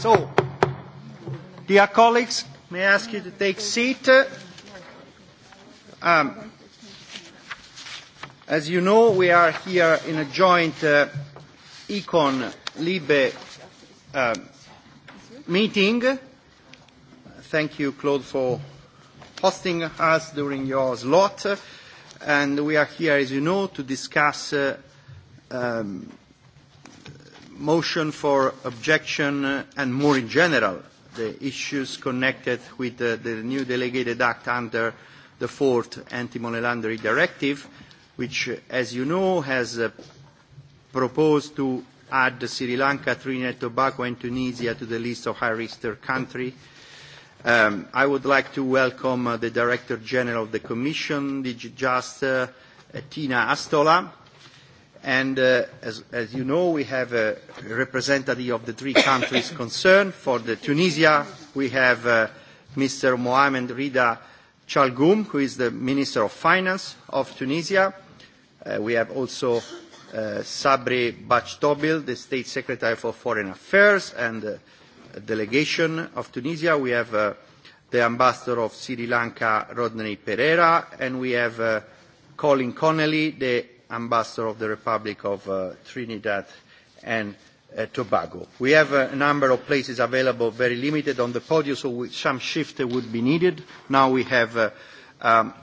So, dear colleagues, may I ask you to take seat? Um, as you know, we are here in a joint uh, Econ Libe uh, meeting. Thank you, Claude, for hosting us during your slot. And we are here, as you know, to discuss uh, um, motion for objection uh, and more in general the issues connected with the, the new delegated act under the fourth anti-money laundering directive, which, as you know, has uh, proposed to add Sri Lanka, Trinidad and Tobago and Tunisia to the list of high-risk third country. Um, I would like to welcome uh, the Director General of the Commission, DG Just, uh, Tina Astola, And uh, as, as you know, we have a representative of the three countries concerned. For the Tunisia, we have uh, Mr. Mohamed Rida Chalgoum, who is the Minister of Finance of Tunisia. Uh, we have also uh, Sabri Bachtobil, the State Secretary for Foreign Affairs and uh, delegation of Tunisia. We have uh, the Ambassador of Sri Lanka, Rodney Pereira, and we have uh, Colin Connolly, the Ambassador of the Republic of uh, Trinidad and uh, Tobago. We have uh, a number of places available, very limited on the podium, so we, some shift would be needed. Now we have uh, um,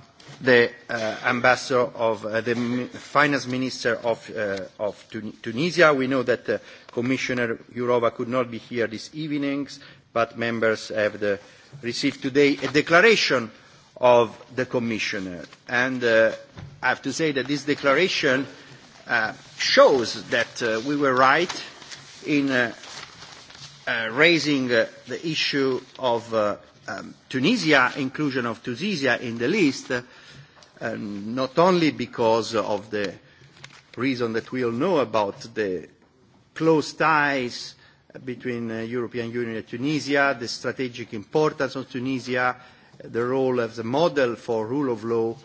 the uh, ambassador of uh, the finance minister of, uh, of Tun Tunisia. We know that uh, Commissioner Jourova could not be here this evening, but members have the, received today a declaration uh, of the Commissioner. And uh, I have to say that this declaration uh, shows that uh, we were right in uh, uh, raising uh, the issue of uh, um, Tunisia, inclusion of Tunisia in the list, uh, um, not only because of the reason that we all know about the close ties between the uh, European Union and Tunisia, the strategic importance of Tunisia, uh, the role of the model for rule of law,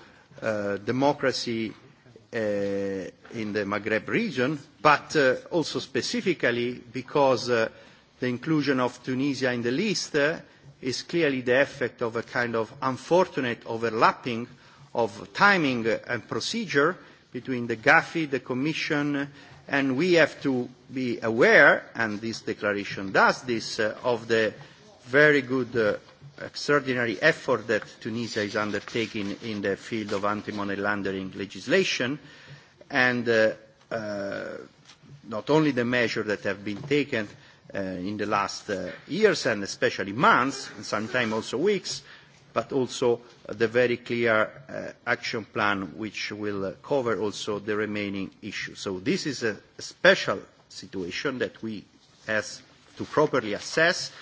uh, democracy uh, in the Maghreb region, but uh, also specifically because uh, the inclusion of Tunisia in the list uh, is clearly the effect of a kind of unfortunate overlapping of timing and procedure between the GAFI, the Commission, and we have to be aware, and this declaration does this, uh, of the very good uh, extraordinary effort that Tunisia is undertaking in the field of anti-money laundering legislation, and uh, uh, not only the measures that have been taken uh, in the last uh, years and especially months, and sometimes also weeks, but also the very clear uh, action plan which will uh, cover also the remaining issues. So this is a special situation that we have to properly assess uh,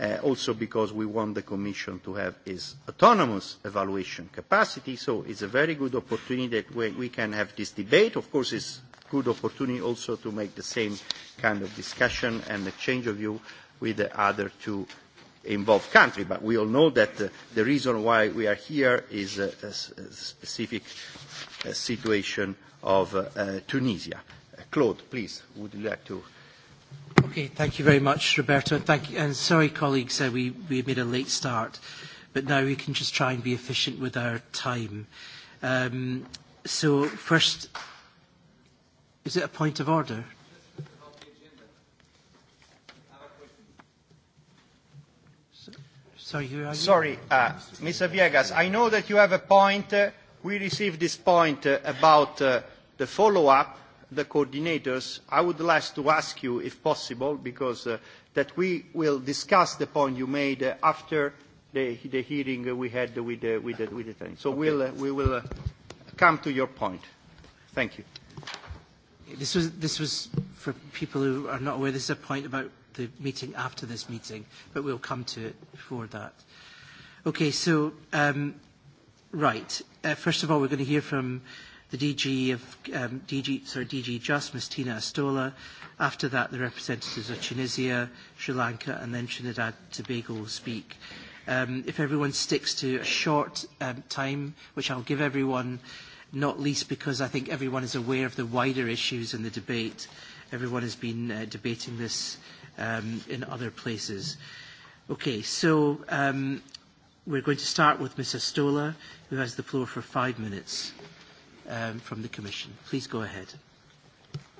uh, also because we want the Commission to have its autonomous evaluation capacity. So it's a very good opportunity that we, we can have this debate. Of course, it's a good opportunity also to make the same kind of discussion and exchange of view with the other two involved country. But we all know that uh, the reason why we are here is uh, a, a specific uh, situation of uh, uh, Tunisia. Uh, Claude, please, would you like to Okay, thank you very much, Roberto. Thank you, and sorry, colleagues, uh, we, we made a late start, but now we can just try and be efficient with our time. Um, so first, is it a point of order? Sorry, who are you? Sorry, uh, Mr. Viegas, I know that you have a point. Uh, we received this point uh, about uh, the follow-up the coordinators, I would like to ask you, if possible, because uh, that we will discuss the point you made uh, after the, the hearing we had with, uh, with, uh, with the thing. So okay. we'll, uh, we will uh, come to your point. Thank you. This was, this was, for people who are not aware, this is a point about the meeting after this meeting, but we'll come to it before that. Okay, so, um, right. Uh, first of all, we're going to hear from uh, the DG of um, DG, sorry, DG Just, Ms. Tina Astola. After that, the representatives of Tunisia, Sri Lanka, and then Trinidad Tobago will speak. Um, if everyone sticks to a short um, time, which I'll give everyone, not least because I think everyone is aware of the wider issues in the debate. Everyone has been uh, debating this um, in other places. Okay, so um, we're going to start with Ms. Astola, who has the floor for five minutes um, from the Commission. Please go ahead.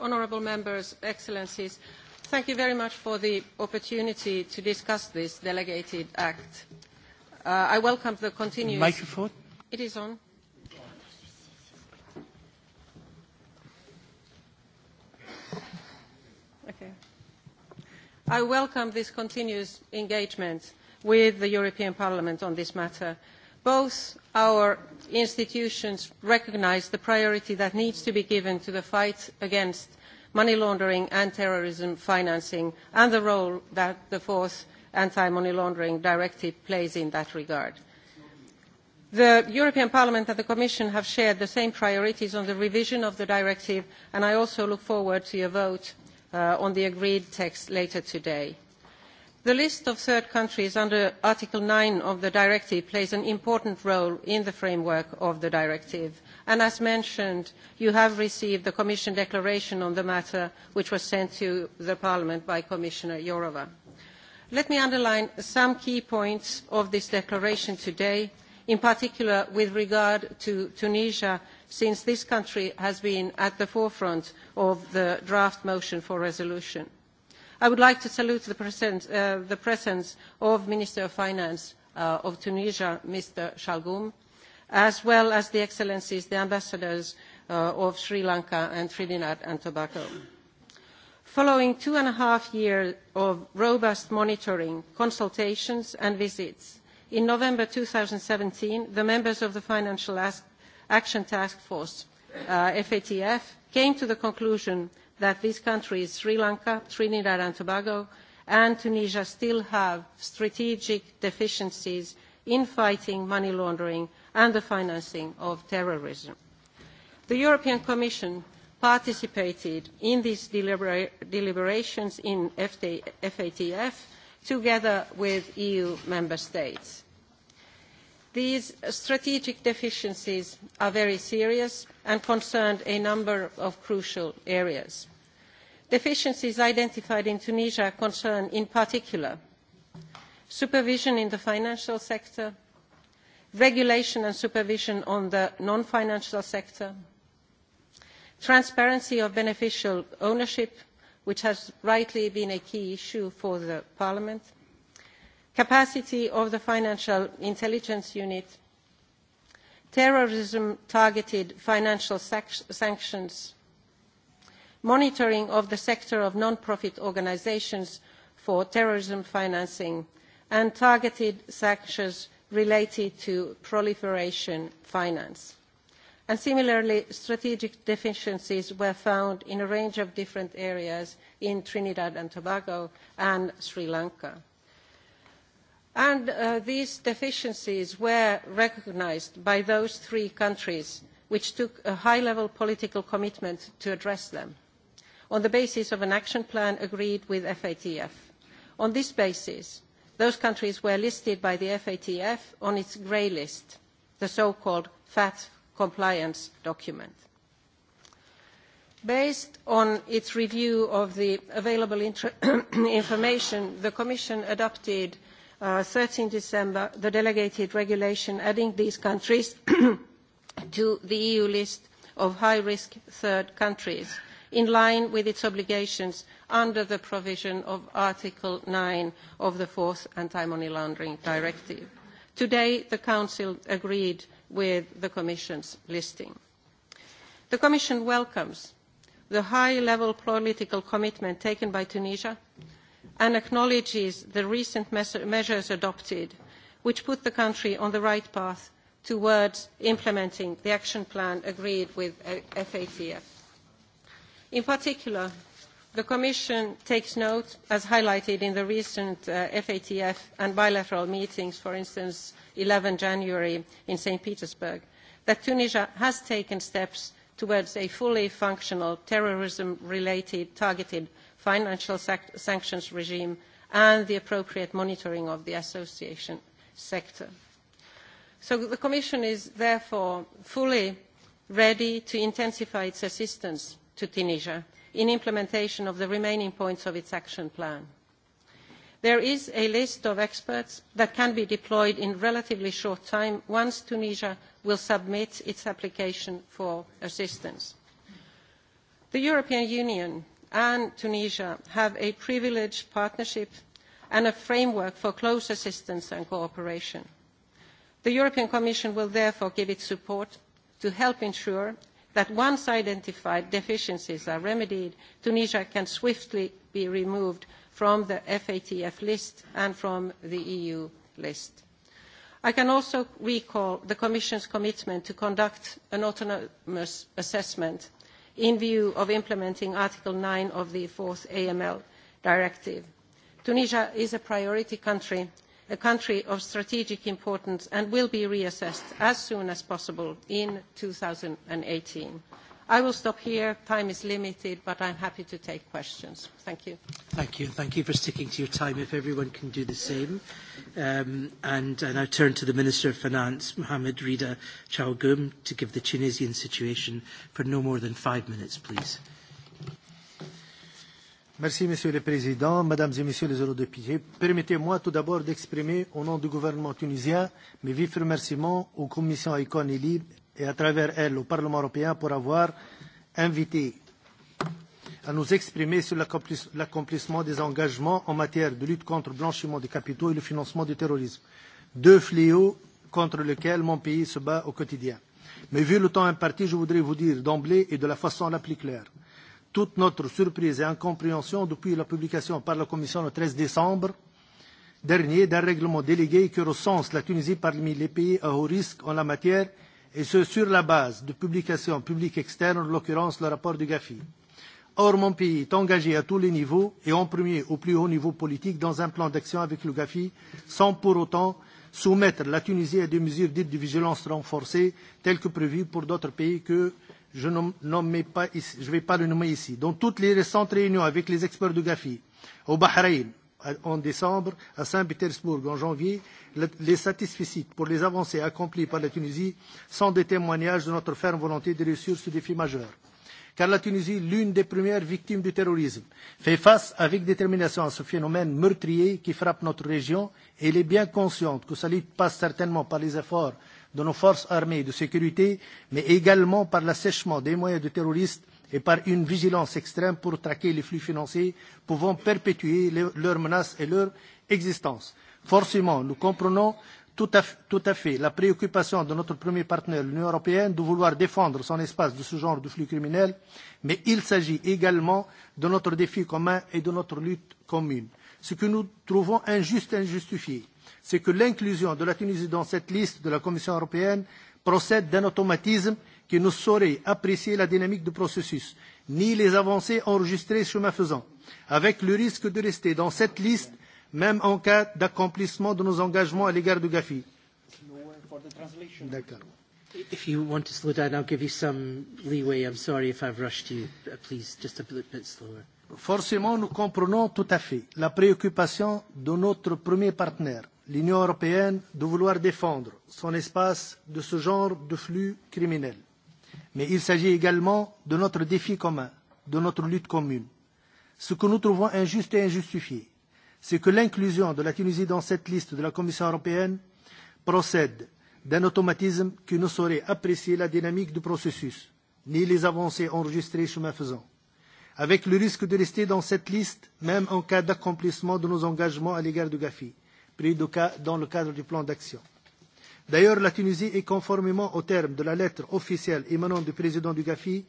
Honourable Members, Excellencies, thank you very much for the opportunity to discuss this delegated act. Uh, I welcome the continuous... Microphone? It is on. Okay. I welcome this continuous engagement with the European Parliament on this matter. Uh, both our institutions recognise the priority that needs to be given to the fight against money laundering and terrorism financing and the role that the fourth anti money laundering directive plays in that regard. the european parliament and the commission have shared the same priorities on the revision of the directive and i also look forward to your vote uh, on the agreed text later today the list of third countries under article nine of the directive plays an important role in the framework of the directive and as mentioned you have received the commission declaration on the matter which was sent to parliament by commissioner jourov. let me underline some key points of this declaration today in particular with regard to tunisia since this country has been at the forefront of the draft motion for resolution. I would like to salute the presence, uh, the presence of Minister of Finance uh, of Tunisia, Mr. Shalgum, as well as the excellencies, the ambassadors uh, of Sri Lanka and Trinidad and Tobago. Following two and a half years of robust monitoring, consultations and visits, in November 2017, the members of the Financial Action Task Force, uh, FATF, came to the conclusion that these countries, Sri Lanka, Trinidad and Tobago, and Tunisia still have strategic deficiencies in fighting money laundering and the financing of terrorism. The European Commission participated in these delibera deliberations in FT, FATF together with EU member states these strategic deficiencies are very serious and concerned a number of crucial areas. deficiencies identified in tunisia concern in particular supervision in the financial sector regulation and supervision on the non financial sector transparency of beneficial ownership which has rightly been a key issue for parliament capacity of the financial intelligence unit terrorism targeted financial sanctions monitoring of the sector of non profit organisations for terrorism financing and targeted sanctions related to proliferation finance. And similarly strategic deficiencies were found in a range of different areas in trinidad and tobago and sri lanka and uh, these deficiencies were recognised by those three countries which took a high level political commitment to address them on the basis of an action plan agreed with fatf. on this basis those countries were listed by the fatf on its grey list the so called fat compliance document. based on its review of the available information the commission adopted uh, 13 December the delegated regulation adding these countries to the EU list of high-risk third countries in line with its obligations under the provision of Article 9 of the Fourth Anti-Money Laundering Directive. Today, the Council agreed with the Commission's listing. The Commission welcomes the high-level political commitment taken by Tunisia and acknowledges the recent measures adopted, which put the country on the right path towards implementing the action plan agreed with FATF. Uh, in particular, the Commission takes note, as highlighted in the recent uh, FATF and bilateral meetings, for instance, 11 January in St. Petersburg, that Tunisia has taken steps towards a fully functional terrorism-related targeted financial sanctions regime, and the appropriate monitoring of the association sector. So the Commission is therefore fully ready to intensify its assistance to Tunisia in implementation of the remaining points of its action plan. There is a list of experts that can be deployed in relatively short time once Tunisia will submit its application for assistance. The European Union and Tunisia have a privileged partnership and a framework for close assistance and cooperation. The European Commission will therefore give its support to help ensure that once identified deficiencies are remedied, Tunisia can swiftly be removed from the FATF list and from the EU list. I can also recall the Commission's commitment to conduct an autonomous assessment in view of implementing Article 9 of the fourth AML directive. Tunisia is a priority country, a country of strategic importance, and will be reassessed as soon as possible in 2018. I will stop here. Time is limited, but I'm happy to take questions. Thank you. Thank you. Thank you for sticking to your time, if everyone can do the same. Um, and I now turn to the Minister of Finance, Mohamed Rida Chaougum, to give the Tunisian situation for no more than five minutes, please. Merci, Monsieur le Président, Mesdames et Messieurs les eurodéputés. Permettez-moi tout d'abord d'exprimer, au nom du gouvernement tunisien, mes vifs remerciements aux commissions ICON et LIBE et à travers elle au Parlement européen pour avoir invité à nous exprimer sur l'accomplissement des engagements en matière de lutte contre le blanchiment des capitaux et le financement du terrorisme, deux fléaux contre lesquels mon pays se bat au quotidien. Mais vu le temps imparti, je voudrais vous dire d'emblée et de la façon la plus claire toute notre surprise et incompréhension depuis la publication par la Commission le 13 décembre dernier d'un règlement délégué qui recense la Tunisie parmi les pays à haut risque en la matière et ce sur la base de publications publiques externes, en l'occurrence le rapport du GAFI. Or, mon pays est engagé à tous les niveaux et en premier au plus haut niveau politique dans un plan d'action avec le GAFI, sans pour autant soumettre la Tunisie à des mesures dites de vigilance renforcée, telles que prévues pour d'autres pays que je ne pas ici, je vais pas le nommer ici. Dans toutes les récentes réunions avec les experts du GAFI, au Bahreïn, en décembre, à Saint-Pétersbourg en janvier, les satisfecit pour les avancées accomplies par la Tunisie sont des témoignages de notre ferme volonté de réussir ce défi majeur. Car la Tunisie, l'une des premières victimes du terrorisme, fait face avec détermination à ce phénomène meurtrier qui frappe notre région et elle est bien consciente que sa lutte passe certainement par les efforts de nos forces armées et de sécurité, mais également par l'assèchement des moyens de terroristes et par une vigilance extrême pour traquer les flux financiers pouvant perpétuer le, leurs menaces et leur existence. Forcément, nous comprenons tout à, tout à fait la préoccupation de notre premier partenaire, l'Union européenne, de vouloir défendre son espace de ce genre de flux criminels, mais il s'agit également de notre défi commun et de notre lutte commune. Ce que nous trouvons injuste et injustifié, c'est que l'inclusion de la Tunisie dans cette liste de la Commission européenne procède d'un automatisme qui ne saurait apprécier la dynamique du processus, ni les avancées enregistrées chemin faisant, avec le risque de rester dans cette liste, même en cas d'accomplissement de nos engagements à l'égard de Gafi. D'accord. If you want to slow down, I'll give you some leeway. I'm sorry if I've rushed you. Please, just a little bit slower. Forcément, nous comprenons tout à fait la préoccupation de notre premier partenaire, l'Union européenne, de vouloir défendre son espace de ce genre de flux criminel mais il s'agit également de notre défi commun, de notre lutte commune. Ce que nous trouvons injuste et injustifié, c'est que l'inclusion de la Tunisie dans cette liste de la Commission européenne procède d'un automatisme qui ne saurait apprécier la dynamique du processus, ni les avancées enregistrées chemin faisant, avec le risque de rester dans cette liste même en cas d'accomplissement de nos engagements à l'égard du Gafi, pris de cas dans le cadre du plan d'action. D'ailleurs, la Tunisie est conformément aux termes de la lettre officielle émanant du président du Gafi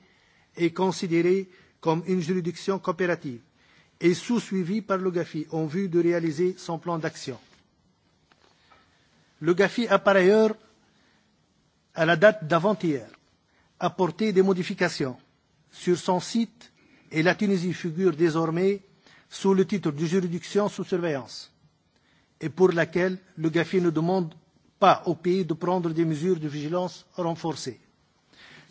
est considérée comme une juridiction coopérative et sous-suivie par le Gafi en vue de réaliser son plan d'action. Le Gafi a par ailleurs, à la date d'avant-hier, apporté des modifications sur son site et la Tunisie figure désormais sous le titre de juridiction sous surveillance et pour laquelle le Gafi ne demande pas aux pays de prendre des mesures de vigilance renforcées.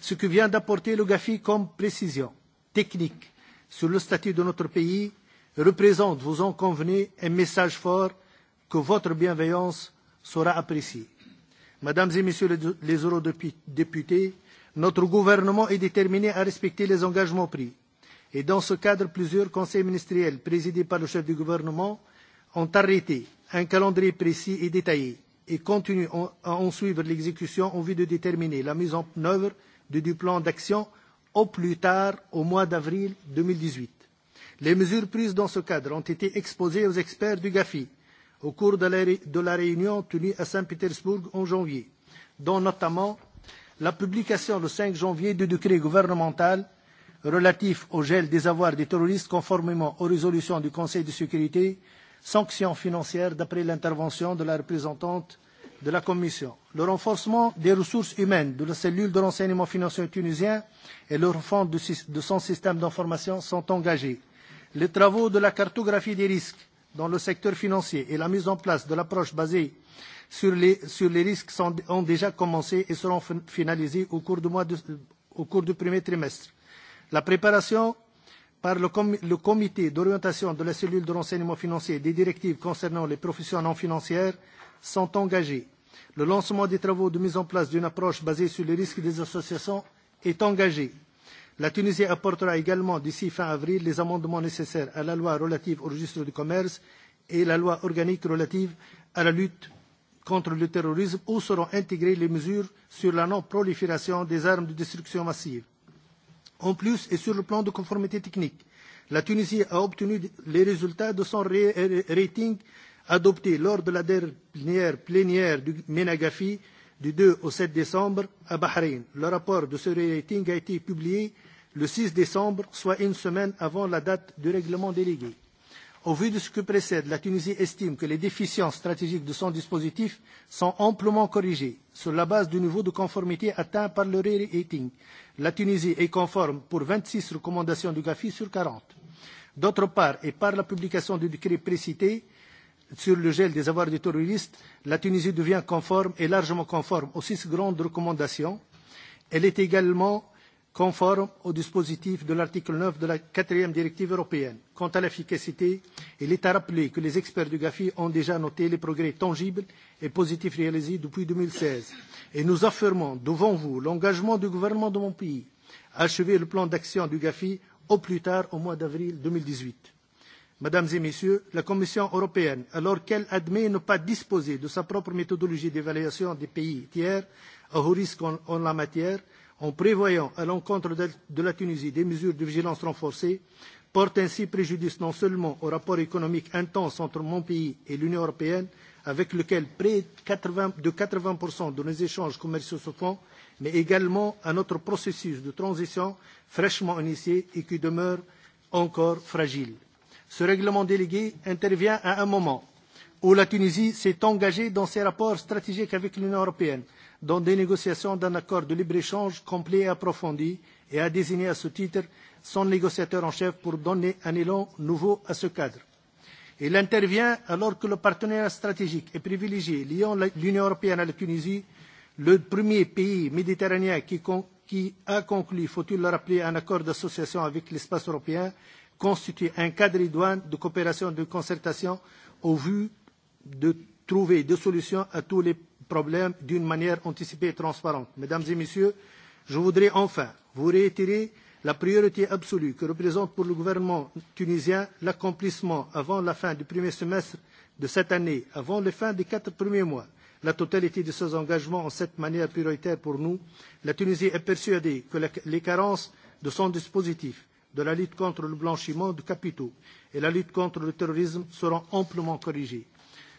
Ce que vient d'apporter le GAFI comme précision technique sur le statut de notre pays représente, vous en convenez, un message fort que votre bienveillance sera appréciée. Mesdames et Messieurs les eurodéputés, notre gouvernement est déterminé à respecter les engagements pris. Et dans ce cadre, plusieurs conseils ministériels présidés par le chef du gouvernement ont arrêté un calendrier précis et détaillé et continue à en suivre l'exécution en vue de déterminer la mise en œuvre du plan d'action au plus tard au mois d'avril 2018. Les mesures prises dans ce cadre ont été exposées aux experts du GAFI au cours de la, de la réunion tenue à Saint-Pétersbourg en janvier, dont notamment la publication le 5 janvier du décret gouvernemental relatif au gel des avoirs des terroristes conformément aux résolutions du Conseil de sécurité sanctions financières d'après l'intervention de la représentante de la Commission, le renforcement des ressources humaines de la cellule de renseignement financier tunisien et le refonte de, de son système d'information sont engagés. Les travaux de la cartographie des risques dans le secteur financier et la mise en place de l'approche basée sur les, sur les risques sont, ont déjà commencé et seront finalisés au cours, de mois de, au cours du premier trimestre. La préparation par le, com le comité d'orientation de la cellule de renseignement financier des directives concernant les professions non financières sont engagées. Le lancement des travaux de mise en place d'une approche basée sur les risques des associations est engagé. La Tunisie apportera également d'ici fin avril les amendements nécessaires à la loi relative au registre du commerce et la loi organique relative à la lutte contre le terrorisme où seront intégrées les mesures sur la non-prolifération des armes de destruction massive. En plus, et sur le plan de conformité technique, la Tunisie a obtenu les résultats de son rating adopté lors de la dernière plénière du Menagafi du 2 au 7 décembre à Bahreïn. Le rapport de ce rating a été publié le 6 décembre, soit une semaine avant la date du règlement délégué. Au vu de ce que précède, la Tunisie estime que les déficiences stratégiques de son dispositif sont amplement corrigées sur la base du niveau de conformité atteint par le rating La Tunisie est conforme pour 26 recommandations du GAFI sur 40. D'autre part, et par la publication du décret précité sur le gel des avoirs des terroristes, la Tunisie devient conforme et largement conforme aux six grandes recommandations. Elle est également conforme au dispositif de l'article 9 de la quatrième directive européenne. Quant à l'efficacité, il est à rappeler que les experts du GAFI ont déjà noté les progrès tangibles et positifs réalisés depuis 2016. Et nous affirmons devant vous l'engagement du gouvernement de mon pays à achever le plan d'action du GAFI au plus tard au mois d'avril 2018. Mesdames et Messieurs, la Commission européenne, alors qu'elle admet ne pas disposer de sa propre méthodologie d'évaluation des pays tiers à haut risque en, en la matière, en prévoyant à l'encontre de la Tunisie des mesures de vigilance renforcées, porte ainsi préjudice non seulement au rapport économique intense entre mon pays et l'Union européenne, avec lequel près 80, de 80% de nos échanges commerciaux se font, mais également à notre processus de transition fraîchement initié et qui demeure encore fragile. Ce règlement délégué intervient à un moment où la Tunisie s'est engagée dans ses rapports stratégiques avec l'Union européenne dans des négociations d'un accord de libre-échange complet et approfondi et a désigné à ce titre son négociateur en chef pour donner un élan nouveau à ce cadre. Il intervient alors que le partenariat stratégique est privilégié liant l'Union européenne à la Tunisie, le premier pays méditerranéen qui, qui a conclu, faut-il le rappeler, un accord d'association avec l'espace européen, constitue un cadre idoine de coopération et de concertation au vu de trouver des solutions à tous les problèmes d'une manière anticipée et transparente. Mesdames et messieurs, je voudrais enfin vous réitérer la priorité absolue que représente pour le gouvernement tunisien l'accomplissement avant la fin du premier semestre de cette année, avant la fin des quatre premiers mois, la totalité de ces engagements en cette manière prioritaire pour nous. La Tunisie est persuadée que la, les carences de son dispositif de la lutte contre le blanchiment de capitaux et la lutte contre le terrorisme seront amplement corrigées.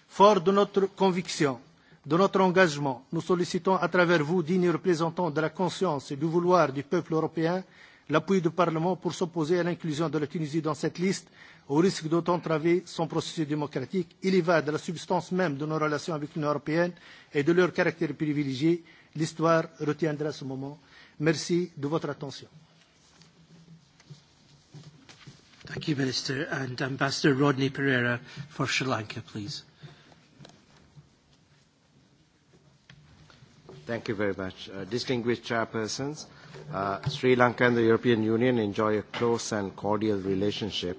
Fort de notre conviction de notre engagement, nous sollicitons à travers vous, dignes représentants de la conscience et du vouloir du peuple européen, l'appui du Parlement pour s'opposer à l'inclusion de la Tunisie dans cette liste, au risque d'entraver son processus démocratique. Il y va de la substance même de nos relations avec l'Union européenne et de leur caractère privilégié. L'histoire retiendra ce moment. Merci de votre attention. Thank you, Minister. And Ambassador Rodney Pereira for Sri Lanka, please. Thank you very much. Uh, distinguished chairpersons, uh, Sri Lanka and the European Union enjoy a close and cordial relationship.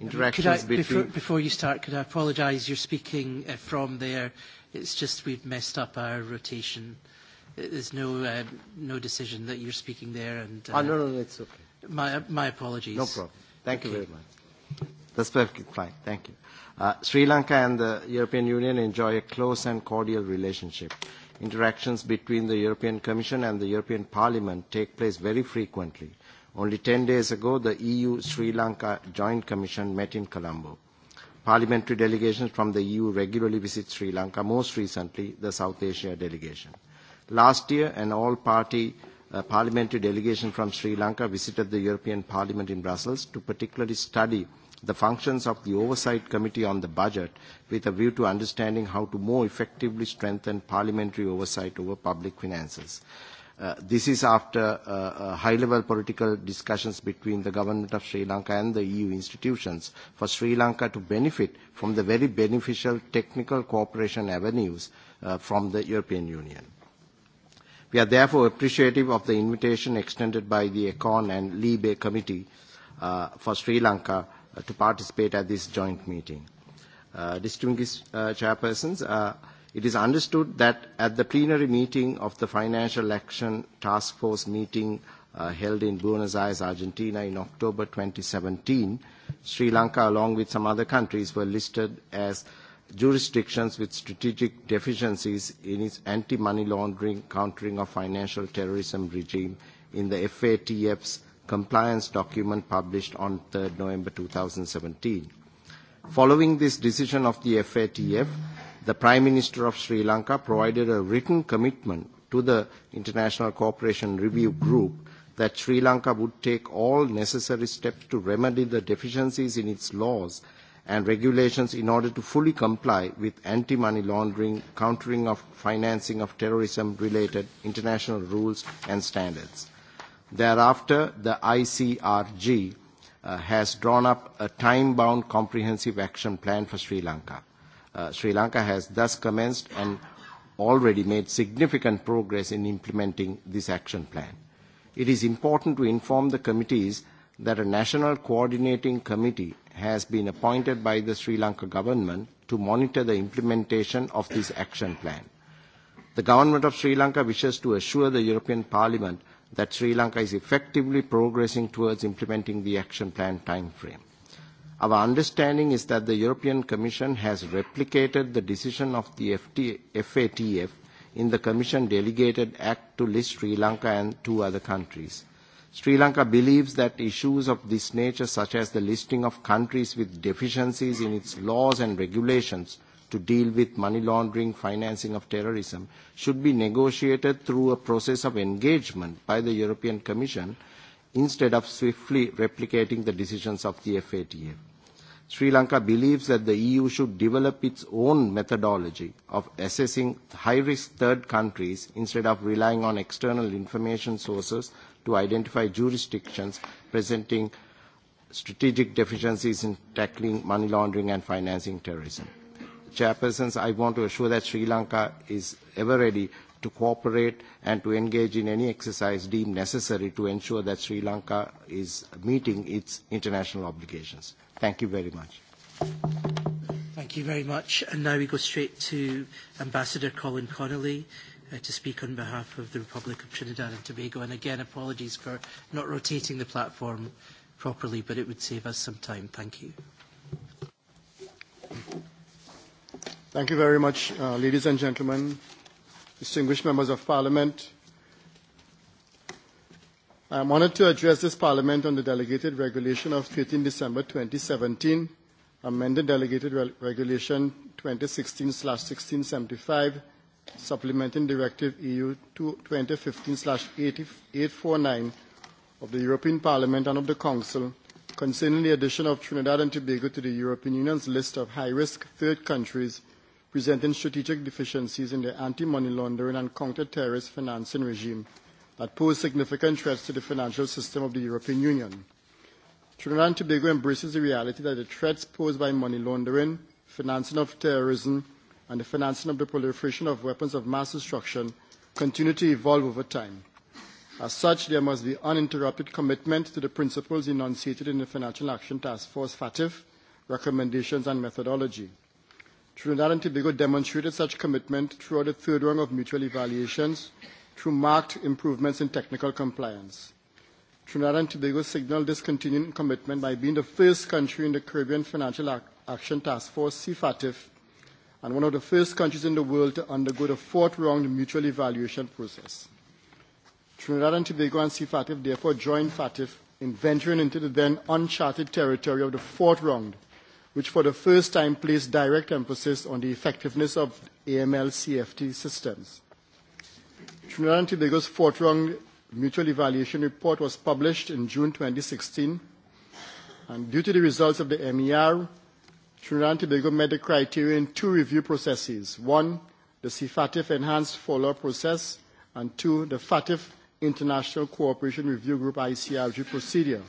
Interactions I mean, could I, between... Before, before you start, could I apologise? You're speaking uh, from there. It's just we've messed up our rotation. There's no, uh, no decision that you're speaking there. And, uh, oh, no, no, it's okay. My, my apologies. No problem. Thank okay. you very much. That's perfectly fine. Thank you. Uh, Sri Lanka and the European Union enjoy a close and cordial relationship. Uh, interactions between the European Commission and the European Parliament take place very frequently. Only 10 days ago, the EU-Sri Lanka Joint Commission met in Colombo. Parliamentary delegations from the EU regularly visit Sri Lanka, most recently the South Asia delegation. Last year, an all-party a uh, parliamentary delegation from Sri Lanka visited the European Parliament in Brussels to particularly study uh, the functions of the Oversight Committee on the Budget with a view to understanding how to more effectively strengthen parliamentary oversight over public finances. Uh, this is after uh, uh, high-level political discussions between the government of Sri Lanka and the EU institutions for Sri Lanka to benefit from the very beneficial technical cooperation avenues uh, from the European Union. We are therefore appreciative of the invitation extended by the ECON and LIBE committee uh, for Sri Lanka uh, to participate at this joint meeting. Uh, distinguished uh, chairpersons, uh, it is understood that at the plenary meeting of the Financial Action Task Force meeting uh, held in Buenos Aires, Argentina in October 2017, Sri Lanka along with some other countries were listed as jurisdictions with strategic deficiencies in its anti-money laundering, countering of financial terrorism regime in the FATF's compliance document published on 3rd November 2017. Following this decision of the FATF, the Prime Minister of Sri Lanka provided a written commitment to the International Cooperation Review Group that Sri Lanka would take all necessary steps to remedy the deficiencies in its laws and regulations in order to fully comply with anti-money laundering, countering of financing of terrorism-related international rules and standards. Thereafter, the ICRG uh, has drawn up a time-bound comprehensive action plan for Sri Lanka. Uh, Sri Lanka has thus commenced and already made significant progress in implementing this action plan. It is important to inform the committees that a national coordinating committee has been appointed by the Sri Lanka government to monitor the implementation of this action plan. The government of Sri Lanka wishes to assure the European Parliament that Sri Lanka is effectively progressing towards implementing the action plan timeframe. Our understanding is that the European Commission has replicated the decision of the FT, FATF in the Commission Delegated Act to list Sri Lanka and two other countries. Sri Lanka believes that issues of this nature, such as the listing of countries with deficiencies in its laws and regulations, to deal with money laundering, financing of terrorism, should be negotiated through a process of engagement by the European Commission instead of swiftly replicating the decisions of the FATF. Sri Lanka believes that the EU should develop its own methodology of assessing high-risk third countries instead of relying on external information sources to identify jurisdictions presenting strategic deficiencies in tackling money laundering and financing terrorism chairpersons, I want to assure that Sri Lanka is ever ready to cooperate and to engage in any exercise deemed necessary to ensure that Sri Lanka is meeting its international obligations. Thank you very much. Thank you very much. And now we go straight to Ambassador Colin Connolly uh, to speak on behalf of the Republic of Trinidad and Tobago. And again, apologies for not rotating the platform properly, but it would save us some time. Thank you. Thank you. Thank you very much, uh, ladies and gentlemen, distinguished members of parliament. I am honored to address this parliament on the delegated regulation of 13 December 2017, amended delegated Re- regulation 2016/1675, supplementing directive EU 2015/849 of the European Parliament and of the Council concerning the addition of Trinidad and Tobago to the European Union's list of high-risk third countries – presenting strategic deficiencies in the anti-money laundering and counter-terrorist financing regime that pose significant threats to the financial system of the European Union. Trinidad and Tobago embraces the reality that the threats posed by money laundering, financing of terrorism, and the financing of the proliferation of weapons of mass destruction continue to evolve over time. As such, there must be uninterrupted commitment to the principles enunciated in the Financial Action Task Force FATF recommendations and methodology. Trinidad and Tobago demonstrated such commitment throughout the third round of mutual evaluations through marked improvements in technical compliance. Trinidad and Tobago signaled this continuing commitment by being the first country in the Caribbean Financial Ac Action Task Force, CFATF, and one of the first countries in the world to undergo the fourth round mutual evaluation process. Trinidad and Tobago and CFATF therefore joined FATF in venturing into the then uncharted territory of the fourth round which for the first time placed direct emphasis on the effectiveness of AML-CFT systems. Trinidad and Tobago's fourth-round mutual evaluation report was published in June 2016, and due to the results of the MER, Trinidad and Tobago met the criteria in two review processes. One, the CFATF Enhanced Follow-up Process, and two, the FATF International Cooperation Review Group ICRG procedure.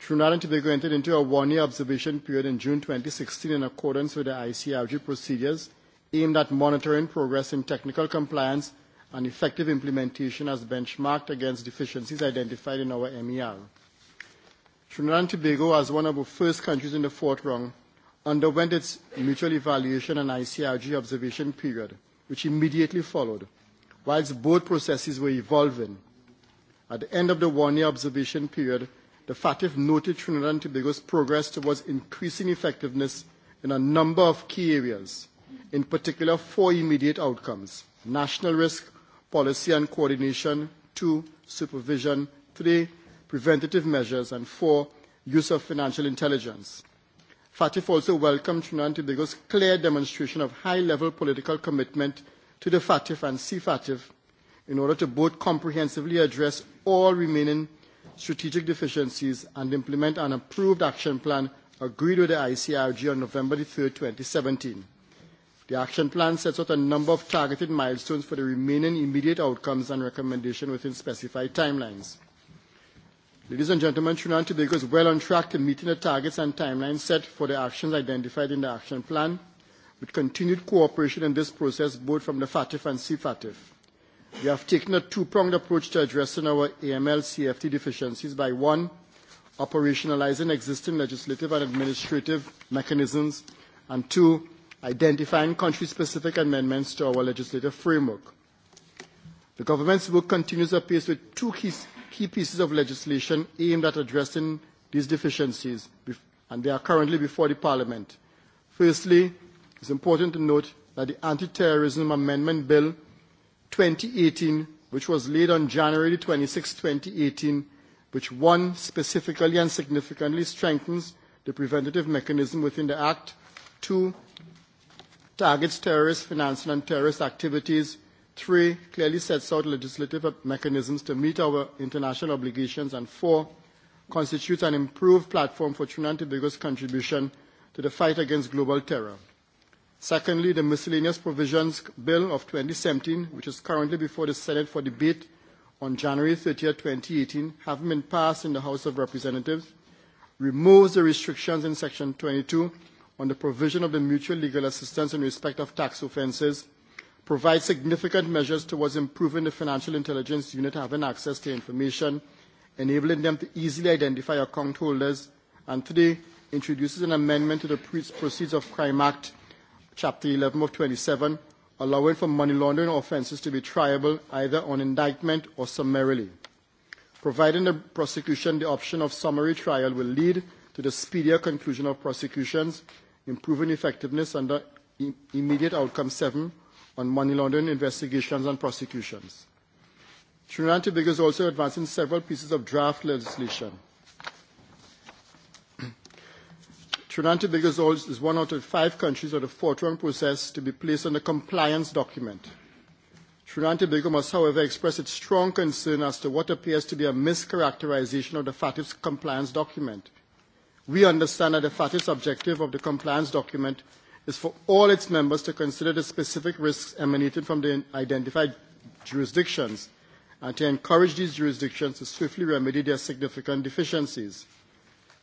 Trinidad and Tobago entered into a one-year observation period in June 2016 in accordance with the ICRG procedures aimed at monitoring progress in technical compliance and effective implementation as benchmarked against deficiencies identified in our MER. Trinidad and Tobago, as one of the first countries in the fourth round, underwent its mutual evaluation and ICRG observation period, which immediately followed, whilst both processes were evolving. At the end of the one-year observation period, the FATF noted Trinidad and Tobago's progress towards increasing effectiveness in a number of key areas, in particular four immediate outcomes, national risk, policy and coordination, two, supervision, three, preventative measures, and four, use of financial intelligence. FATF also welcomed Trinidad and Tobago's clear demonstration of high-level political commitment to the FATF and CFATF in order to both comprehensively address all remaining strategic deficiencies and implement an approved action plan agreed with the ICRG on November 3, 2017. The action plan sets out a number of targeted milestones for the remaining immediate outcomes and recommendations within specified timelines. Ladies and gentlemen, Trinidad and Tobago is well on track to meeting the targets and timelines set for the actions identified in the action plan, with continued cooperation in this process both from the FATF and CFATF. We have taken a two-pronged approach to addressing our AML/CFT deficiencies by, one, operationalizing existing legislative and administrative mechanisms, and two, identifying country-specific amendments to our legislative framework. The government's work continues apace with two key, key pieces of legislation aimed at addressing these deficiencies, and they are currently before the Parliament. Firstly, it's important to note that the Anti-Terrorism Amendment Bill – 2018, which was laid on January 26, 2018, which one specifically and significantly strengthens the preventative mechanism within the Act, two targets terrorist financing and terrorist activities, three clearly sets out legislative mechanisms to meet our international obligations, and four constitutes an improved platform for Trinidad and Tobago's contribution to the fight against global terror. Secondly, the miscellaneous provisions bill of 2017, which is currently before the Senate for debate on January 30, 2018, having been passed in the House of Representatives, removes the restrictions in Section 22 on the provision of the mutual legal assistance in respect of tax offences, provides significant measures towards improving the financial intelligence unit having access to information, enabling them to easily identify account holders, and today introduces an amendment to the Proceeds of Crime Act Chapter 11 of 27, allowing for money laundering offences to be triable either on indictment or summarily. Providing the prosecution the option of summary trial will lead to the speedier conclusion of prosecutions, improving effectiveness under immediate outcome 7 on money laundering investigations and prosecutions. Trinidad and Tobago is also advancing several pieces of draft legislation Sri Lanka is one out of five countries out of 41 processed to be placed on a compliance document. Sri Lanka must, however, express its strong concern as to what appears to be a mischaracterization of the FATF's compliance document. We understand that the FATF's objective of the compliance document is for all its members to consider the specific risks emanating from the identified jurisdictions and to encourage these jurisdictions to swiftly remedy their significant deficiencies.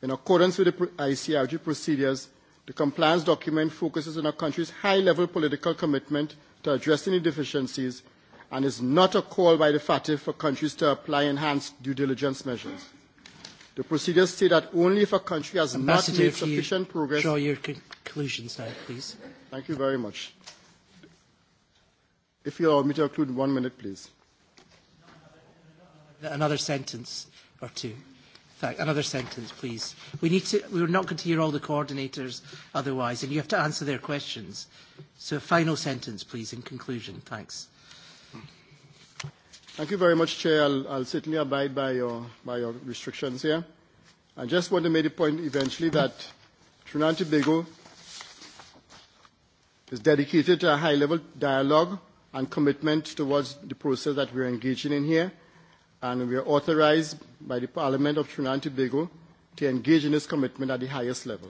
In accordance with the ICRG procedures, the compliance document focuses on a country's high-level political commitment to addressing the deficiencies and is not a call by the FATF for countries to apply enhanced due diligence measures. The procedures say that only if a country has Ambassador, not made sufficient you progress... draw your conclusions now, please. Thank you very much. If you allow me to conclude in one minute, please. Another sentence or two. Thank, another sentence, please. We need to, we're not going to hear all the coordinators otherwise, and you have to answer their questions. So a final sentence, please, in conclusion. Thanks. Thank you very much, Chair. I'll, I'll certainly abide by your, by your restrictions here. I just want to make the point eventually that Trinidad and Tobago is dedicated to a high-level dialogue and commitment towards the process that we're engaging in here – and we are authorized by the Parliament of Trinidad and Tobago to engage in this commitment at the highest level.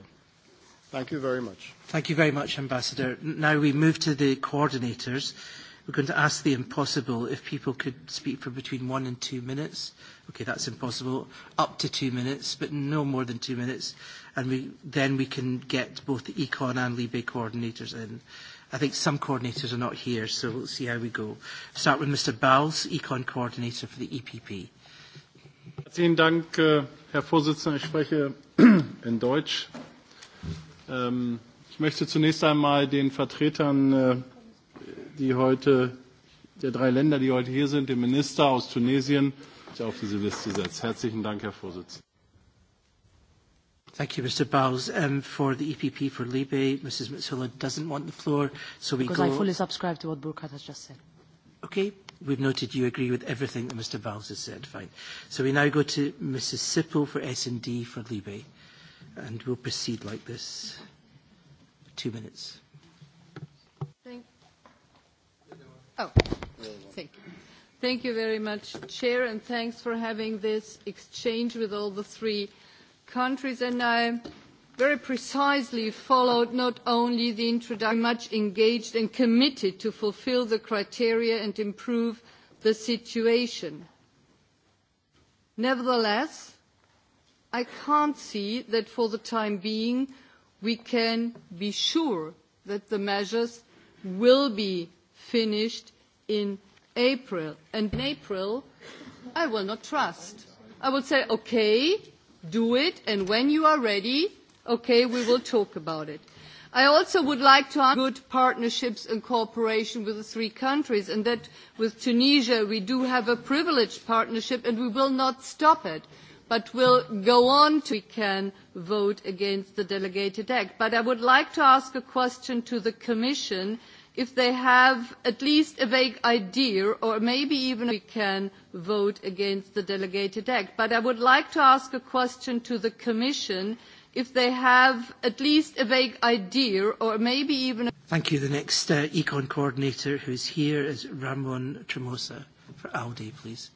Thank you very much. Thank you very much, Ambassador. Now we move to the coordinators. We're going to ask the impossible if people could speak for between one and two minutes. Okay, that's impossible. Up to two minutes, but no more than two minutes. And we, then we can get both the Econ and Libe coordinators in. Uh, I think some coordinators are not here, so we'll see how we go. Start with Mr. Bowles, Econ Coordinator for the EPP. Vielen Dank, äh, Herr Vorsitzender. Ich spreche in Deutsch. Ähm, ich möchte zunächst einmal den Vertretern, äh, die heute der drei Länder, die heute hier sind, dem Minister aus Tunesien, auf diese Liste setzt. Herzlichen Dank, Herr Vorsitzender. Thank you, Mr. Bowles. Um, for the EPP for Libe, Mrs. Mitsula doesn't want the floor, so we because go... Because I fully subscribe to what Burkhardt has just said. Okay. We've noted you agree with everything that Mr. Bowles has said. Fine. So we now go to Mrs. Sippel for S&D for Libe, and we'll proceed like this. Two minutes. Thank Oh, thank you. Thank you very much, Chair, and thanks for having this exchange with all the three uh, countries, and I very precisely followed not only the introduction, much engaged and committed to fulfill the criteria and improve the situation. Nevertheless, I can't see that for the time being we can be sure that the measures will be finished in April. And in April, I will not trust. I will say, okay, do it, and when you are ready, okay, we will talk about it. I also would like to have good partnerships and cooperation with the three countries, and that with Tunisia we do have a privileged partnership, and we will not stop it, but will go on to we can vote against the delegated act. But I would like to ask a question to the Commission if they have at least a vague idea, or maybe even we can vote against the delegated act. But I would like to ask a question to the Commission, if they have at least a vague idea, or maybe even... Thank you. The next uh, Econ coordinator who's here is Ramon Tremosa for ALDE, please.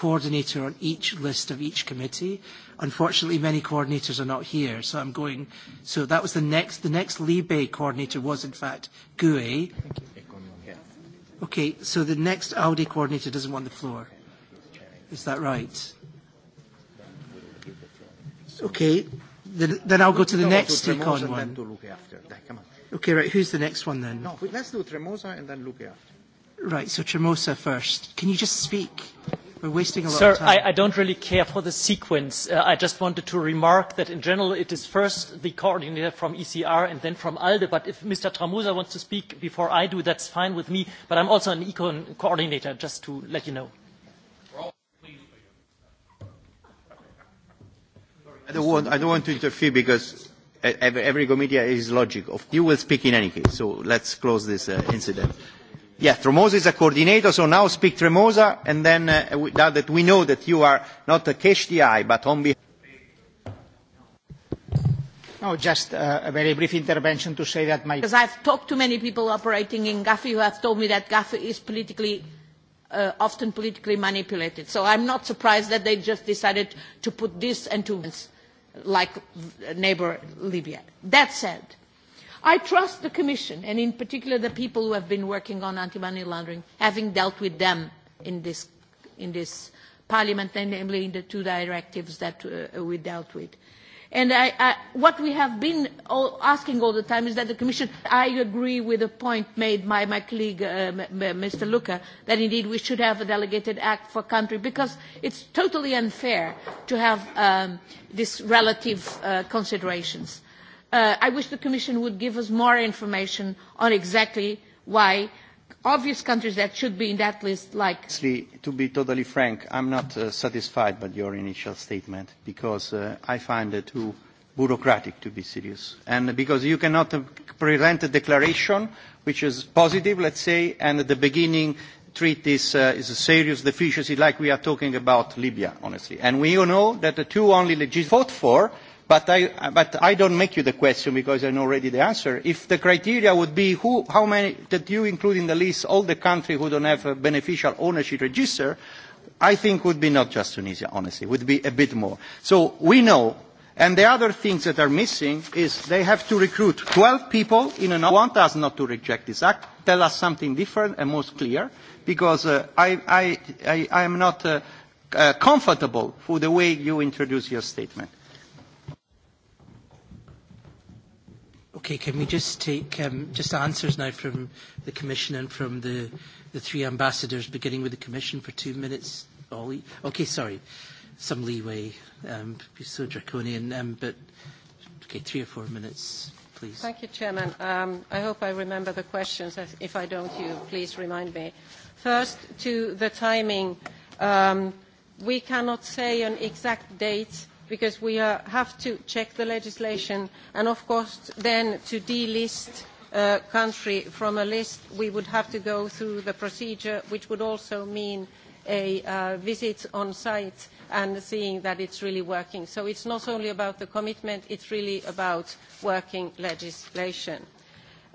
coordinator on each list of each committee. Unfortunately, many coordinators are not here, so I'm going. So that was the next. The next Libe coordinator was, in fact, GUE. Okay, so the next Audi coordinator doesn't want the floor. Is that right? Okay, then, then I'll go to the no, next to take on one. Then to look after. Come on. Okay, right. Who's the next one then? No, let's do Tremosa and then look after. Right, so Tremosa first. Can you just speak? We're wasting a lot Sir, of time. Sir, I, I don't really care for the sequence. Uh, I just wanted to remark that in general it is first the coordinator from ECR and then from ALDE, but if Mr. Tramusa wants to speak before I do, that's fine with me, but I'm also an econ coordinator, just to let you know. I don't want, I don't want to interfere because e-, every, every committee is logic. You will speak in any case, so let's close this uh, incident. Yeah, Tremosa is a coordinator, so now speak Tremosa, and then uh, we, now that we know that you are not a cash DI, but on behalf. No, just uh, a very brief intervention to say that my... Because I've talked to many people operating in Gafi who have told me that Gafi is politically, uh, often politically manipulated. So I'm not surprised that they just decided to put this and to like neighbor Libya. That said, I trust the Commission, and in particular the people who have been working on anti-money laundering, having dealt with them in this, in this Parliament, and namely in the two directives that uh, we dealt with. And I, I, what we have been all asking all the time is that the Commission, I agree with the point made by my colleague, uh, m m Mr. Luca, that indeed we should have a delegated act for country, because it's totally unfair to have um, these relative uh, considerations uh, I wish the Commission would give us more information on exactly why obvious countries that should be in that list like... Honestly, to be totally frank, I'm not uh, satisfied by your initial statement because uh, I find it too bureaucratic to be serious. And because you cannot uh, present a declaration which is positive, let's say, and at the beginning treat this uh, as a serious deficiency like we are talking about Libya, honestly. And we all know that the two only legis fought for But I, but I don't make you the question because I know already the answer. If the criteria would be who, how many, that you include in the list all the countries who don't have a beneficial ownership register, I think would be not just Tunisia, honestly, would be a bit more. So we know, and the other things that are missing is they have to recruit 12 people in an, want us not to reject this act, tell us something different and most clear, because uh, I, I, I, I am not uh, uh, comfortable for the way you introduce your statement. Okay, can we just take um, just answers now from the Commission and from the, the three ambassadors, beginning with the Commission for two minutes? Ollie? Okay, sorry, some leeway. Um, be so draconian, um, but okay, three or four minutes, please. Thank you, Chairman. Um, I hope I remember the questions. If I don't, you please remind me. First, to the timing, um, we cannot say an exact date because we are, uh, have to check the legislation and of course then to delist a uh, country from a list we would have to go through the procedure which would also mean a uh, visit on site and seeing that it's really working. So it's not only about the commitment, it's really about working legislation.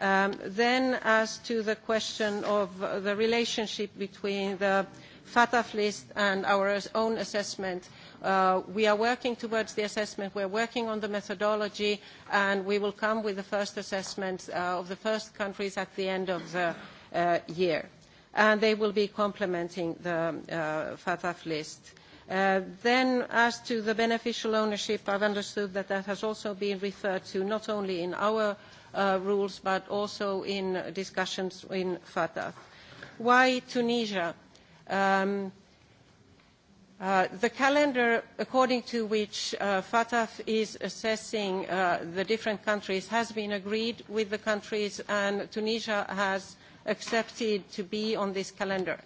Um, then as to the question of uh, the relationship between the FATF list and our own assessment, uh, Uh, we are working towards the assessment. We're working on the methodology, and we will come with the first assessments uh, of the first countries at the end of the uh, year. And they will be complementing the uh, FATF list. Uh, then as to the beneficial ownership, I've understood that that has also been referred to, not only in our uh, rules, but also in discussions in FATF. Why Tunisia? Um, Uh, the calendar according to which uh, FATF is assessing uh, the different countries has been agreed with the countries and Tunisia has accepted to be on this calendar.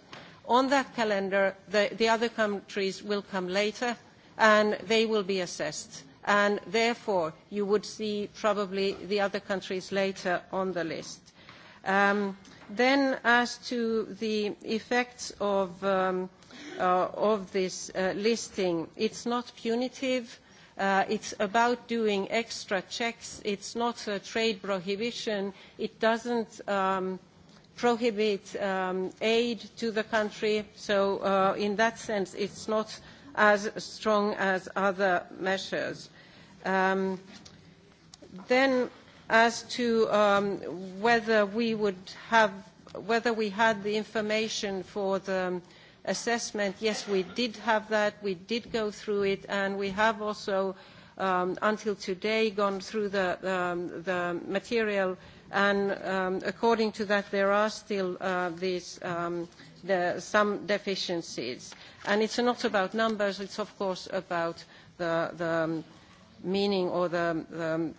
On that calendar, the, the other countries will come later and they will be assessed. And therefore, you would see probably the other countries later on the list. Um, then as to the effects of um, uh, of this uh, listing. It's not punitive. Uh, it's about doing extra checks. It's not a trade prohibition. It doesn't um, prohibit um, aid to the country. So uh, in that sense, it's not as strong as other measures. Um, then as to um, whether we would have, whether we had the information for the um, assessment, yes, we did have that. We did go through it, and we have also, um, until today, gone through the, um, the material. And um, according to that, there are still uh, these um, the, some deficiencies. And it's not about numbers. It's of course about the, the um, meaning or the, the um,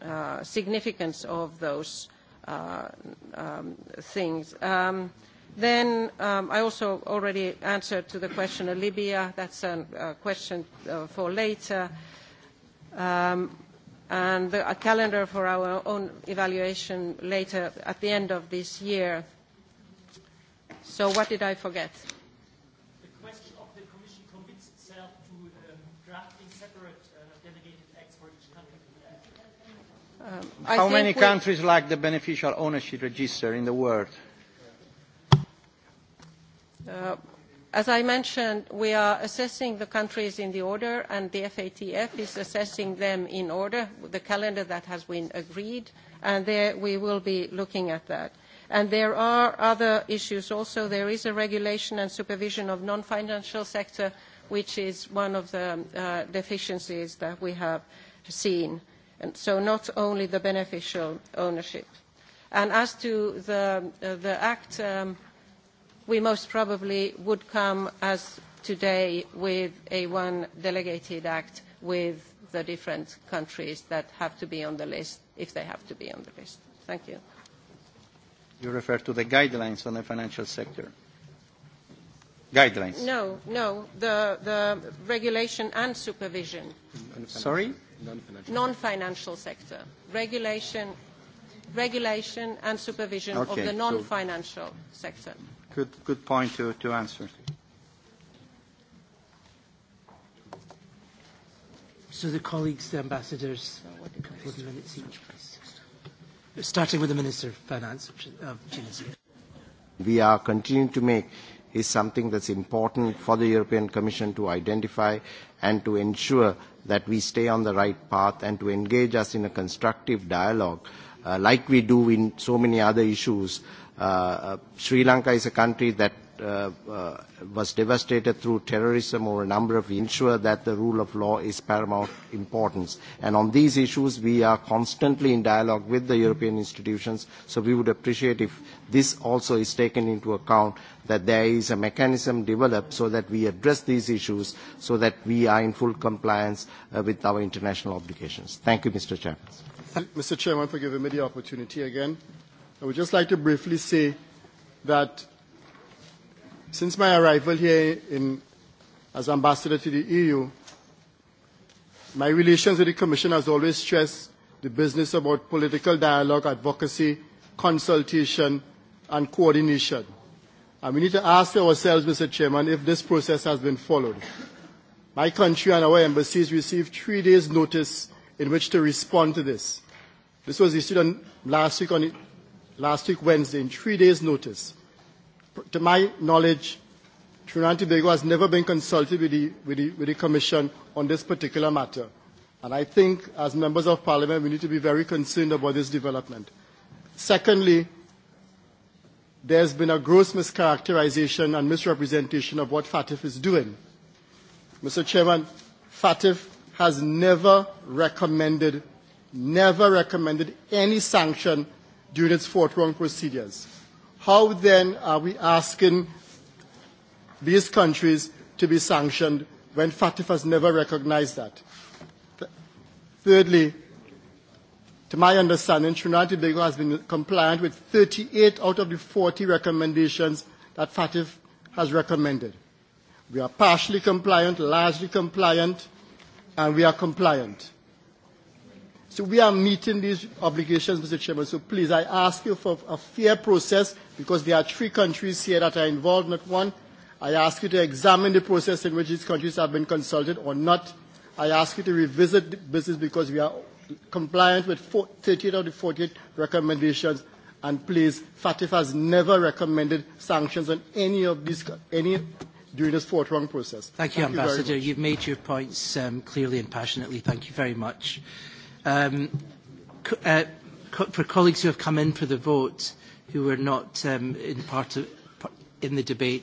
uh, significance of those uh, um, things. Um, Then um, I also already answered to the question of Libya. That's a uh, question uh, for later. Um, and the, a calendar for our own evaluation later at the end of this year. So what did I forget? The question of the Commission commits itself to um, drafting separate uh, delegated acts for each country. Um, How many countries we... lack the beneficial ownership register in the world? Uh, as I mentioned, we are assessing the countries in the order, and the FATF is assessing them in order, the calendar that has been agreed, and there we will be looking at that. And there are other issues also. There is a regulation and supervision of non-financial sector, which is one of the um, uh, deficiencies that we have seen. And so not only the beneficial ownership. And as to the, uh, the act um, we most probably would come as today with a one delegated act with the different countries that have to be on the list if they have to be on the list. Thank you. You refer to the guidelines on the financial sector. Guidelines? No, no, the, the regulation and supervision. Non Sorry? Non-financial non sector. Regulation regulation and supervision okay, of the non-financial so sector. Good, good point to, to answer. So the colleagues, the ambassadors, for the minutes each, please. Starting with the Minister of Finance of Tunisia. We are continuing to make is something that's important for the European Commission to identify and to ensure that we stay on the right path and to engage us in a constructive dialogue uh, uh, like we do in so many other issues. Uh, uh, Sri Lanka is a country that uh, uh, was devastated through terrorism over a number of ensure that the rule of law is paramount importance. And on these issues, we are constantly in dialogue with the European institutions, so we would appreciate if this also is taken into account, that there is a mechanism developed so that we address these issues, so that we are in full compliance uh, with our international obligations. Thank you, Mr. Chairman. Mr. Chairman, for giving me the opportunity again. I would just like to briefly say that since my arrival here in, as ambassador to the EU, my relations with the Commission has always stressed the business about political dialogue, advocacy, consultation, and coordination. And we need to ask ourselves, Mr. Chairman, if this process has been followed. My country and our embassies received three days' notice in which to respond to this. This was issued on last week, on, last week Wednesday, in three days' notice. To my knowledge, Trinidad and Tobago has never been consulted with the, with, the, with the Commission on this particular matter. And I think, as members of Parliament, we need to be very concerned about this development. Secondly, there's been a gross mischaracterization and misrepresentation of what FATF is doing. Mr. Chairman, FATF has never recommended, never recommended any sanction during its forthcoming procedures. How then are we asking these countries to be sanctioned when FATF has never recognized that? Thirdly, to my understanding, Trinidad and Tobago has been compliant with 38 out of the 40 recommendations that FATF has recommended. We are partially compliant, largely compliant, and we are compliant. So we are meeting these obligations, Mr. Chairman. So please, I ask you for a fair process because there are three countries here that are involved, not one. I ask you to examine the process in which these countries have been consulted or not. I ask you to revisit the business because we are compliant with 38 of the 48 recommendations. And please, FATF has never recommended sanctions on any of these, any during this four-pronged process. Thank you, Thank you Ambassador. You You've made your points um, clearly and passionately. Thank you very much. Um, co uh, co for colleagues who have come in for the vote who were not um, in part of, in the debate,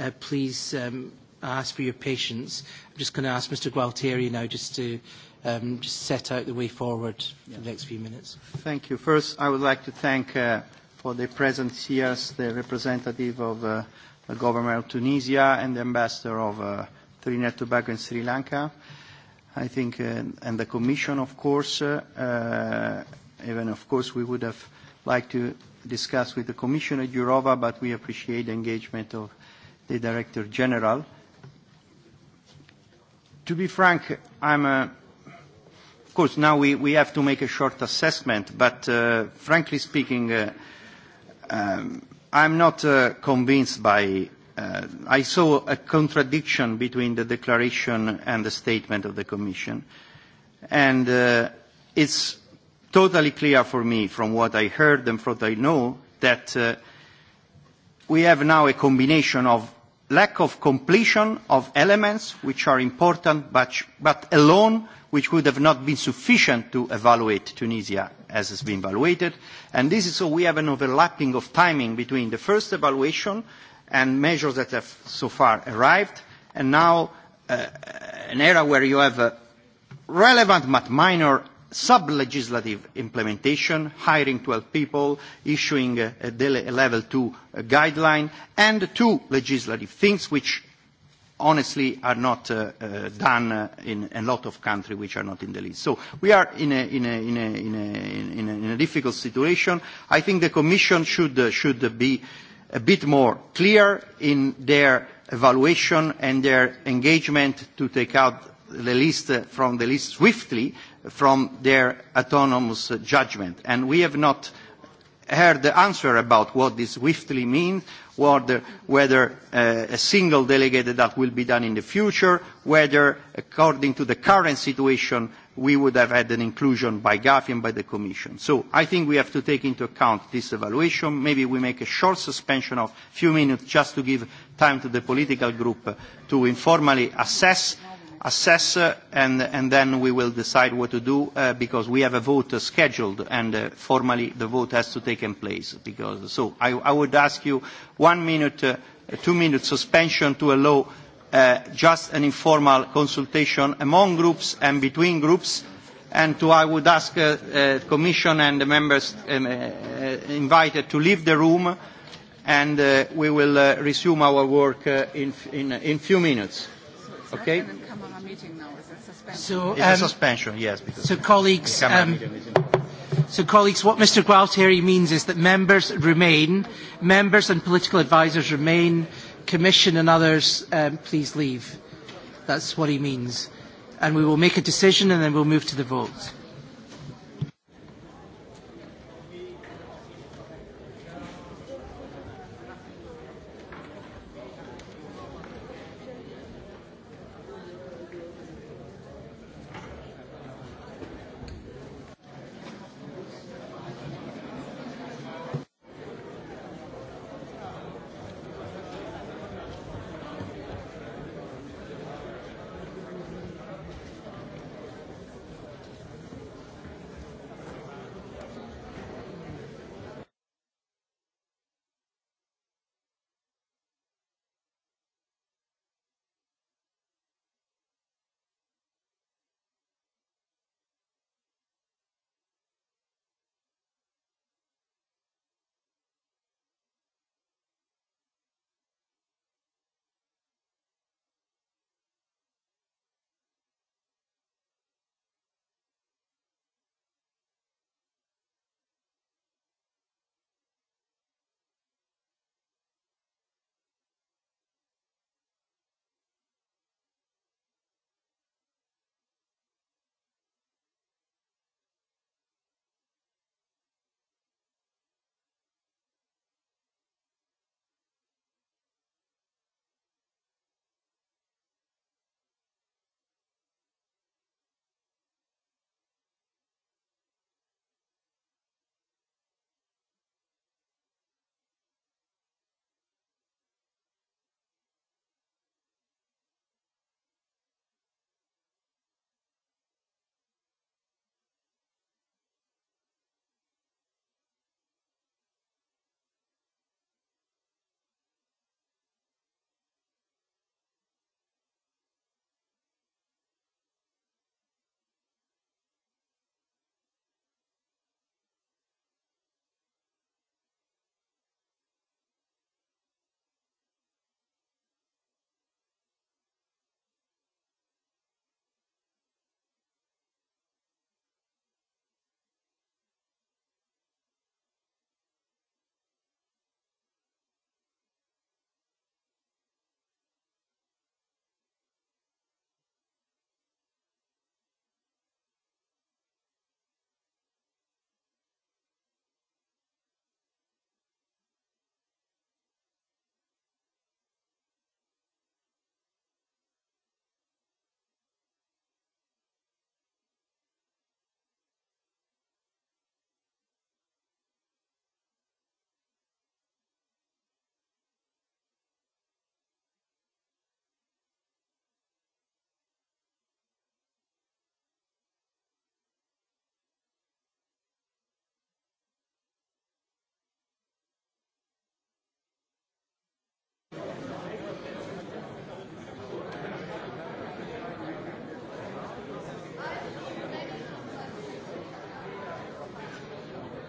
uh, please um, ask for your patience. I'm just going to ask Mr Gualtieri now just to um, just set out the way forward yeah. for the next few minutes. Thank you. First, I would like to thank uh, for the presence here, the representative of uh, the government of Tunisia and the ambassador of uh, Trinidad Tobago and Sri Lanka. I think, uh, and the Commission, of course, uh, uh, even of course we would have liked to discuss with the Commissioner Jourova, but we appreciate the engagement of the Director General. To be frank, I'm, uh, of course, now we, we have to make a short assessment, but uh, frankly speaking, uh, um, I'm not uh, convinced by uh, I saw a contradiction between the declaration and the statement of the Commission. And uh, it's totally clear for me from what I heard and from what I know that uh, we have now a combination of lack of completion of elements which are important but, but alone which would have not been sufficient to evaluate Tunisia as has been evaluated. And this is so we have an overlapping of timing between the first evaluation and measures that have so far arrived, and now uh, an era where you have a relevant but minor sub-legislative implementation, hiring 12 people, issuing a, a level 2 guideline, and two legislative things which honestly are not uh, uh, done uh, in a lot of countries which are not in the list. So we are in a, in a, in a, in a, in a, in a difficult situation. I think the Commission should, uh, should be a bit more clear in their evaluation and their engagement to take out the list uh, from the list swiftly from their autonomous uh, judgment. And we have not heard the answer about what this swiftly means whether, whether uh, a single delegated act will be done in the future, whether, according to the current situation, we would have had an inclusion by GAFI and by the Commission. So I think we have to take into account this evaluation. Maybe we make a short suspension of a few minutes just to give time to the political group to informally assess. Yeah assess, uh, and, and then we will decide what to do, uh, because we have a vote uh, scheduled, and uh, formally the vote has to take place. Because, so I, I would ask you one minute, uh, two minute suspension to allow uh, just an informal consultation among groups and between groups, and to, I would ask uh, uh, Commission and the members um, uh, invited to leave the room, and uh, we will uh, resume our work uh, in, in, in few minutes. Okay. It's not an in-camera meeting now. It's a suspension. So, um, it's a suspension, yes. Because so, colleagues, um, so, colleagues, what Mr Gualtieri means is that members remain, members and political advisers remain, Commission and others, um, please leave. That's what he means. And we will make a decision and then we'll move to the vote.